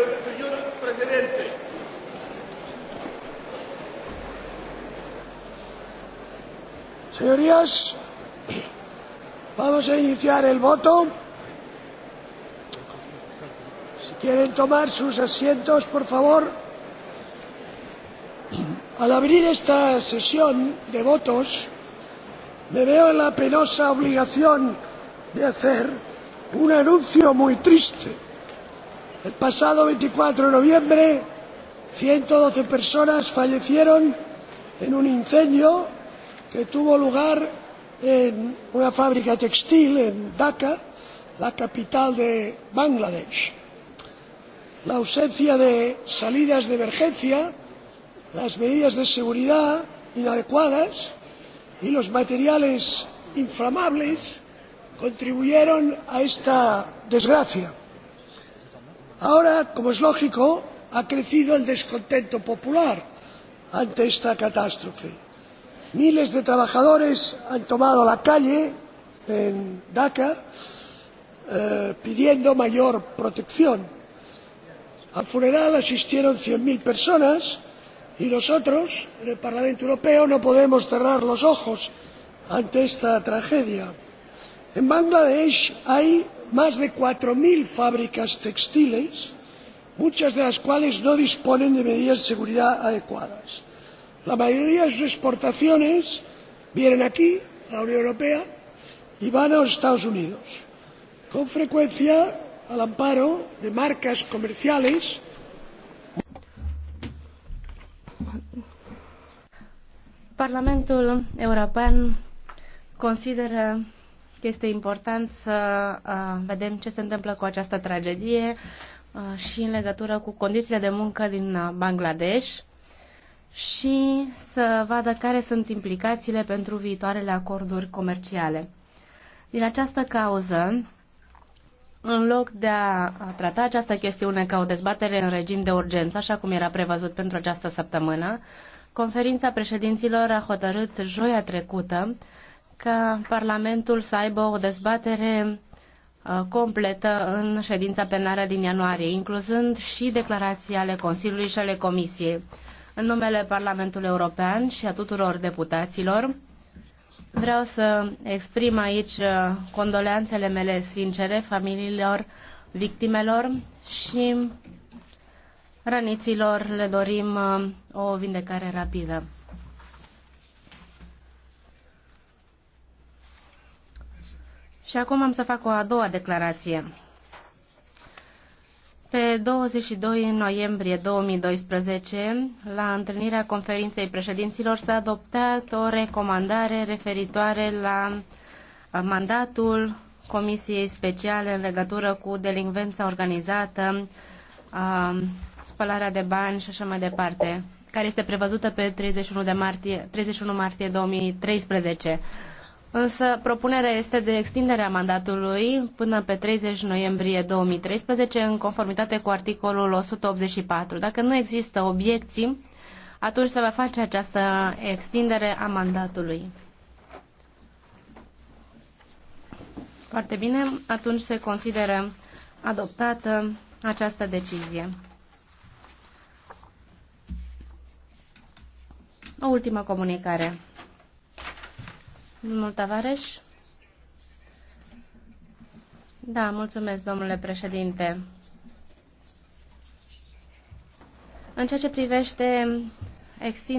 Señor presidente. Señorías, vamos a iniciar el voto. Si quieren tomar sus asientos, por favor. Al abrir esta sesión de votos, me veo en la penosa obligación de hacer un anuncio muy triste el pasado veinticuatro de noviembre ciento doce personas fallecieron en un incendio que tuvo lugar en una fábrica textil en daca la capital de bangladesh. la ausencia de salidas de emergencia las medidas de seguridad inadecuadas y los materiales inflamables contribuyeron a esta desgracia ahora como es lógico ha crecido el descontento popular ante esta catástrofe. miles de trabajadores han tomado la calle en daca eh, pidiendo mayor protección. al funeral asistieron cien mil personas y nosotros en el parlamento europeo no podemos cerrar los ojos ante esta tragedia. en bangladesh hay más de cuatro mil fábricas textiles muchas de las cuales no disponen de medidas de seguridad adecuadas. la mayoría de sus exportaciones vienen aquí a la unión europea y van a los estados unidos con frecuencia al amparo de marcas comerciales Parlamentul European consideră este important să uh, vedem ce se întâmplă cu această tragedie uh, și în legătură cu condițiile de muncă din uh, Bangladesh și să vadă care sunt implicațiile pentru viitoarele acorduri comerciale. Din această cauză, în loc de a trata această chestiune ca o dezbatere în regim de urgență, așa cum era prevăzut pentru această săptămână, conferința președinților a hotărât joia trecută ca Parlamentul să aibă o dezbatere uh, completă în ședința plenară din ianuarie, incluzând și declarații ale Consiliului și ale Comisiei. În numele Parlamentului European și a tuturor deputaților, vreau să exprim aici uh, condoleanțele mele sincere familiilor victimelor și răniților. le dorim uh, o vindecare rapidă. Și acum am să fac o a doua declarație. Pe 22 noiembrie 2012, la întâlnirea conferinței președinților, s-a adoptat o recomandare referitoare la mandatul Comisiei Speciale în legătură cu delinvența organizată, spălarea de bani și așa mai departe, care este prevăzută pe 31, de martie, 31 martie 2013. Însă propunerea este de extinderea mandatului până pe 30 noiembrie 2013 în conformitate cu articolul 184. Dacă nu există obiecții, atunci se va face această extindere a mandatului. Foarte bine, atunci se consideră adoptată această decizie. O ultimă comunicare. Domnul Tavares? Da, mulțumesc, domnule președinte. În ceea ce privește extinderea